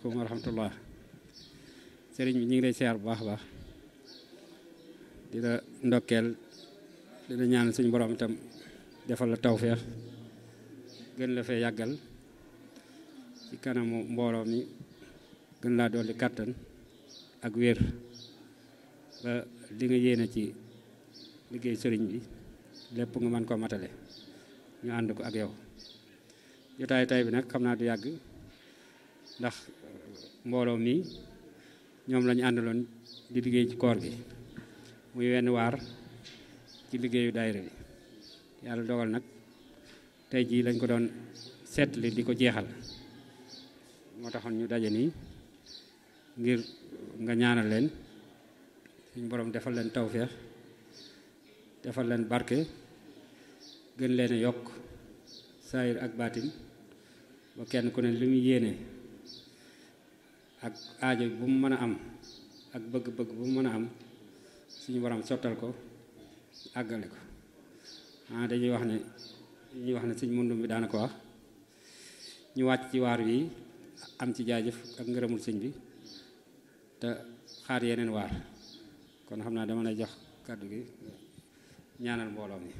salaamaaleykum wa rahmatullah sëriñ bi ñu ngi lay siyaar bu baax baax di la ndokkeel di la ñaan suñu borom itam defal la tawféex gën la fee yàggal ci kanamu mbooloo mi gën laa dolli kàttan ak wér ba li nga yéene ci liggéey sëriñ bi lépp nga mën koo matale ñu ànd ko ak yow jotaay tay bi nag xam naa du yàgg ndax mbooloo mi ñoom lañu àndaloon di liggéey ci koor gi muy wenn waar ci liggéeyu daayira bi yàlla dogal nag tey jii lañ ko doon seetli di ko jeexal moo taxoon ñu daje nii ngir nga ñaanal leen ñu boroom defal leen tawféex defal leen barke gën leen a yokk saayir ak baatin ba kenn ku ne li muy yéene ak aajo bu mu mën a am ak bëgg-bëgg bu mu mën a am suñu borom sottal ko àggale ko ah dañuy wax ne dañuy wax ne sëñ mundum bi daana ko wax ñu wàcc ci waar wi am ci jaajëf ak ngërëmul sëñ bi te xaar yeneen waar kon xam naa dama lay jox kàddu gi ñaanal mbooloo mi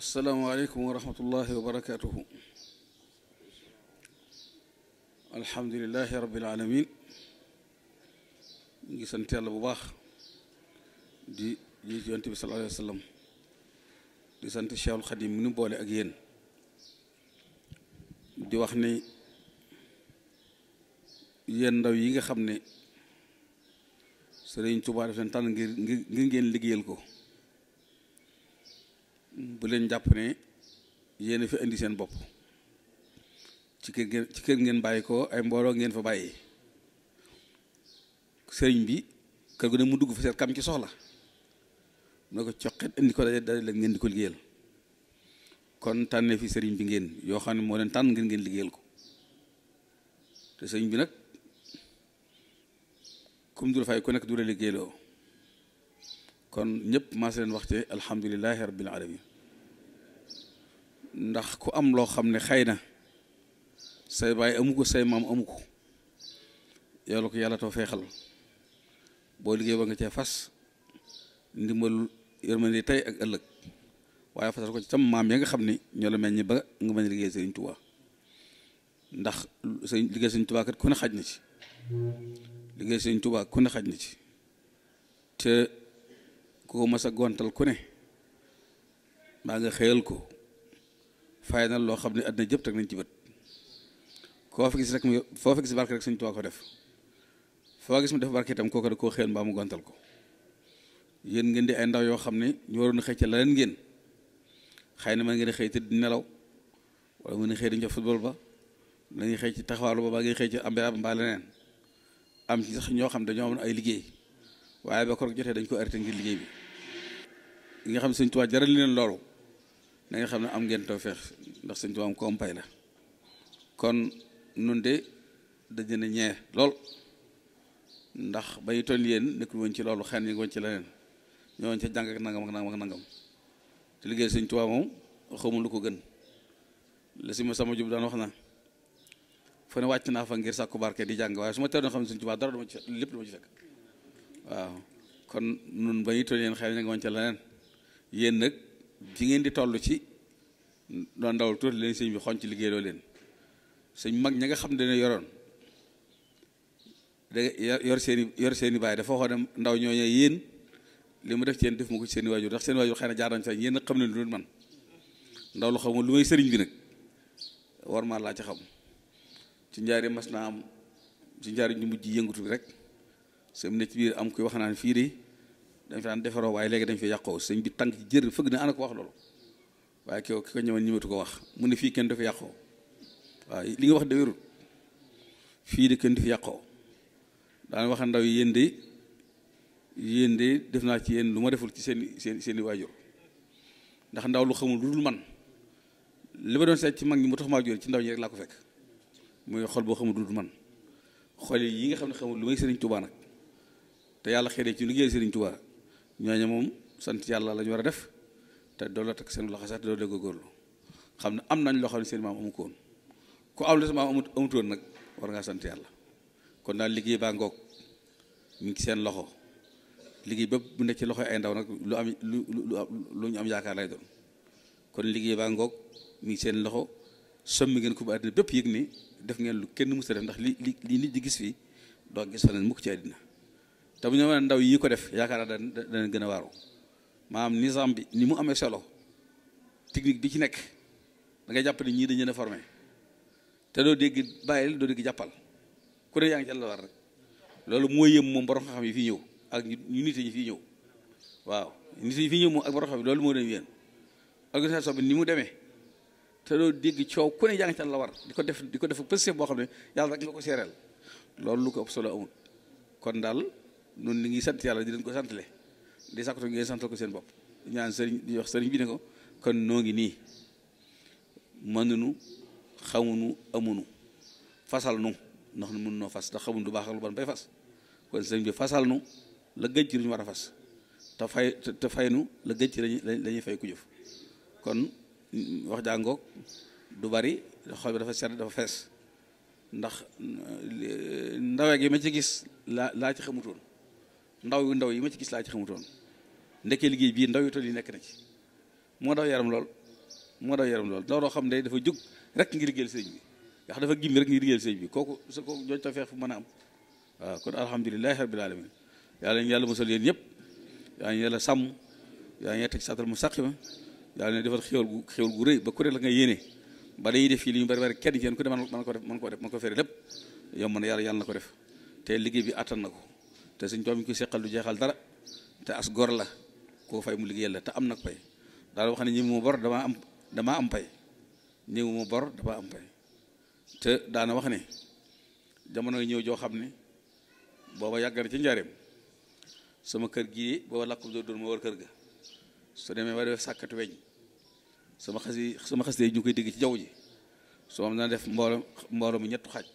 asalaamaaleykum wa rahmatullahi wa barakaatuhu alhamdulilahi rabbil alamin ngi sant yàlla bu baax di ji ci bi sallallahu alayhi wa di sant Cheikhul Xadim mu nu boole ak yéen di wax ni yéen ndaw yi nga xam ne Sëriñ Tuubaa daf leen tànn ngir ngir ngeen liggéeyal ko bu leen jàpp ne yéen fi indi seen bopp ci kër ngeen ci kër ngeen bàyyi ko ay mbooloo ngeen fa bàyyi sëriñ bi kër gu ne mu dugg fa seet kam ci soxla mu ne ko coq indi ko daje daje la ngeen di ko liggéeyal kon tànnee fi sëriñ bi ngeen yoo xam ne moo leen tànn ngeen ngeen liggéeyal ko te sëriñ bi nag comme du la fay ku nekk du la liggéeyloo kon ñëpp maa si leen wax ci alhamdulilahi rabbil alamin ndax ku am loo xam ne xëy na say baay amu ko say maam amu ko yàlla ko yàlla too feexal boo liggéey ba nga cee fas ndimbalu yërmande tey ak ëllëg waaye fasal ko ci tam maam yi nga xam ni ñoo la mel meññ ba nga mën a liggéey Sëriñ Tuubaa ndax sëñ liggéey Sëriñ Tuubaa ku ne xaj na ci liggéey Sëriñ Tuubaa ku na ci te ko mas gontal ku ne maa nga xëyal ko fay na loo xam ne àddina jëpp teg nañ ci bët koo fa gis mu foo fa gis barke rek suñ tuwaa ko def foo gis mu def barke itam kooku da koo xeel mbaa mu gontal ko yéen ngeen di ay ndaw yoo xam ne ñu waroon xëy ca la leen ngeen xëy na mën ngeen xëy te di nelaw wala mën xëy di jox football ba mën ngeen xëy ci taxawaalu ba ba ngeen xëy ci ambeab mbaa leneen am ci sax ñoo xam dañoo amoon ay liggéey waaye ba koor jotee dañ ko arrêté ngir liggéey bi nga xam ne Sëñ Tuubaa jaral leen loolu na nga xam ne am ngeen feex ndax Sëñ Tuubaa am ko pay la kon nun de dañu ne ñee lool ndax ba ñu toll yéen nekkul woon ci loolu xen yi ci leneen ñooñu ca jàng ak nangam ak nangam nangam te liggéey Sëñ Tuubaa moom xamul lu ko gën la si ma sama jub daan wax na fu ne wàcc naa fa ngir sàkku barke di jàng waaye su ma tee doon xam ne Sëñ Tuubaa dara dama ci ci fekk waaw kon nun ba ñu toll yéen xel yi ngi woon ci leneen yéen nag fi ngeen di toll ci doon ndawal tuuti leen sëñ bi xoñ ci liggéey loo leen suñ mag ña nga xam ne dañoo yoroon da yor seeni yor seeni baay dafa waxoon ne ndaw ñooñu yéen li mu def ci yéen def ma ko ci seen i waajur ndax seen waajur xëy na jaar nañ sax yéen a xam ne lu dul man ndaw lu xamul lu may sëriñ bi nag war maa laa ci xam ci njaari mas naa am ci njaari ñu mujj yëngatu rek sëm ne biir am kuy wax naan fii de dañ fi daan defaroo waaye léegi dañ fi yàqoo sëñ bi tànk ci jër fëgg na ana ko wax loolu waaye ki ko ko ñëwoon ñëwatu ko wax mun ne fii kenn dafa yàqoo waa li nga wax de fii de kenn du fi yàqoo daan wax ndaw yi yéen de yéen def naa ci yéen lu ma deful ci seeni seen seen i waajur ndax ndaw lu xamul lu dul man li ma doon seet ci mag ñi mu tax maa ci ndaw ñi rek laa ko fekk muy xol boo xamul lu dul man xol yi nga xam ne xamul lu may Serigne tubaa nag te yàlla xëy ci liggéey Serigne Touba ñooñu moom sant yàlla lañu war a def te doolu la takk seen loxo sax te doo dégg góorlu xam ne am nañ loo xam ne seen ku arrondissement amut amutoon nag war ngaa sant yàlla kon daal liggéey baa ngoog mi ngi seen loxo liggéey bépp bu nekk ci loxo ay ndaw nag lu am lu am yaakaar lay doon kon liggéey baa ngoog mi ngi seen loxo sommi ngeen ko ba àddina bépp yëg ni def ngeen lu kenn mësta def ndax li li li nit di gis fi doo gis fa ne mukk ci àddina te bu ñu mën ndaw yi ko def yaakaar naa dana gën a waaru maanaam nizam bi ni mu amee solo technique bi ci nekk da ngay jàpp ni ñii dañ a formé te doo dégg bàyyil doo dégg jàppal ku ne yaa ngi ci war rek loolu mooy yëm moom borom xam yi fii ñëw ak ñu nit ñi fi ñëw waaw nit ñi fi ñëw moom ak borom xam yi loolu moo doon yéen organisation bi ni mu demee te dégg coow ku ne yaa ngi war di ko def di ko def pësé boo xam ne yàlla rek la ko seereel loolu lu ko ëpp solo amul kon daal noonu li ngi sant yàlla di leen ko santale di sàkkatu ngeen santal ko seen bopp ñaan sëriñ di wax sëriñ bi ne ko kon noo ngi nii mënuñu nu amunu fasal nu ndax nu mën noo fas te xamun du baax ak lu ban bay fas kon sëñ bi fasal nu la gëj ci lu ñu war a fay te la gëj ci la fay ku jëf kon wax jàngook du bari xaw bi dafa sedd dafa fees ndax euh, ndawe gi ma ci gis laa laa ci xamutoon ndaw yu ndaw yi ma ci gis laa ci xamutoon ndekkee liggéey bii ndaw yu toll yi nekk na ci moo daw yaram lool moo daw yaram lool ndaw loo xam ne dafa jóg rek ngir liggéeyal sëñ bi ndax dafa gimmi rek ngir liggéeyal sëñ bi kooku sa kooku jooj ta feex fu mën a am waaw kon alhamdulilahi rabbil alamin yàlla ñu yàlla ma yéen ñëpp yëpp ngi yàlla sàmm yaa ngi teg saatal mu sàqima yàlla ne defal xéwal gu xéwal gu rëy ba ku ne la nga ba dañuy def fii li ñu bari bari kenn ci ku ne mën ko def mën ko def mën ko fere lépp yow mën yàlla yàlla na ko def te liggéey bi àttan na ko te suñ toom ñu koy seqal lu jeexal dara te as gor la koo fay mu liggéey la te am na ko daal wax ne ñi mu bor damaa am dama am pay néew mu bor dama am pay te daana wax ne jamono ñëw joo xam ne booba yàgg na ci njaareem suma kër gii booba lakk doo doon ma war kër ga su demee ba def sàkkati weñ sama xas yi sama xas yi ñu koy dégg ci jaww ji su am na def mbooloo mbooloo mi ñettu xaaj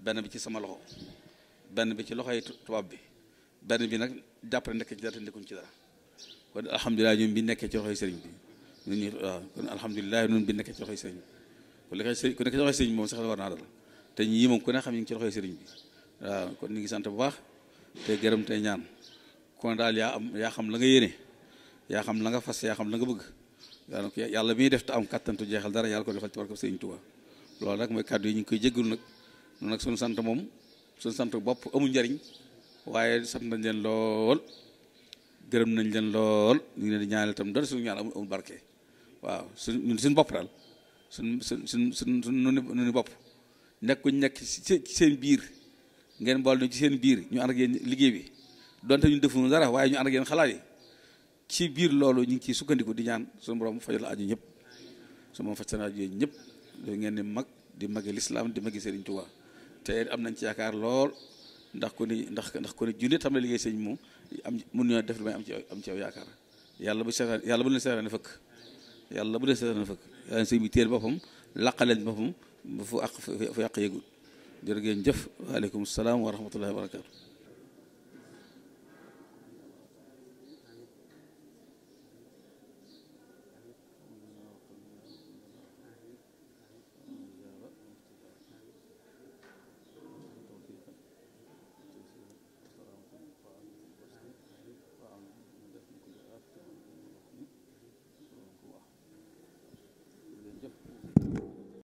benn bi ci sama loxo benn bi ci loxo yi tubaab bi benn bi nag jàppale nekk ci dara te nekkuñ ci dara kon alhamdulilah ñoom bi nekkee ci loxo yi bi ñu ñu waaw kon alhamdulilah nun bi nekk ci loxoy sëriñ ku ko ku nekk ci loxoy sëriñ moom sax war naa dal te ñii moom ku ne xam ñu ngi ci loxoy sëriñ bi waaw kon ñu ngi sant bu baax te gërëm te ñaan kon daal yaa am yaa xam la nga yéene yaa xam la nga fas yaa xam la nga bëgg donc yàlla miy def te am kattantu jeexal dara yàlla ko defal ci barkab loolu nag mooy kàddu ñu ngi koy jégalu nag noonu nag suñu sant moom suñu sant bopp amul njariñ waaye sant nañ leen lool gërëm nañ leen lool ñu ngi leen tam ñaanal itam dara suñu ñaan amul barke waaw su suñ bopp daal su su su suñ suñ nu ni bopp nekk ku nekk ci seen biir ngeen bool ñu ci seen biir ñu ànd ak yéen liggéey bi donte ñu defuñu dara waaye ñu ànd ak yéen xalaat yi ci biir loolu ñu ngi ciy sukkandiku di ñaan su suñu borom fajal aju ñëpp su moom faj seen aju yéen ñëpp loolu ngeen di mag di magi lislaam di magi Serigne Touba te am nañ ci yaakaar lool ndax ku ni ndax ndax ku ni junne tam la liggéey sëñ moom am mun ñoo def lu may am ci am ci yow yaakaar bu seetaan yàlla bu leen seetaan ne fëkk yàlla bu dee seetaan na fëkk yàlla sëñ bi téel boppam laqaleen boppam ba fu àq fa yàq yëgul jërë ngeen jëf waaleykum salaam wa rahmatullahi wa